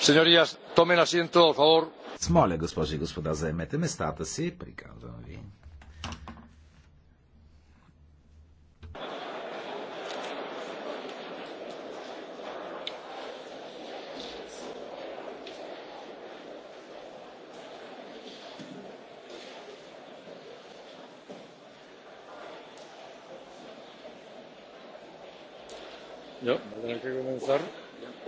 Señorías, tomen asiento, por favor. Моля, госпожи и господа, заемете местата си, приказвам ви. Ya, tendrá que comenzar. Ya.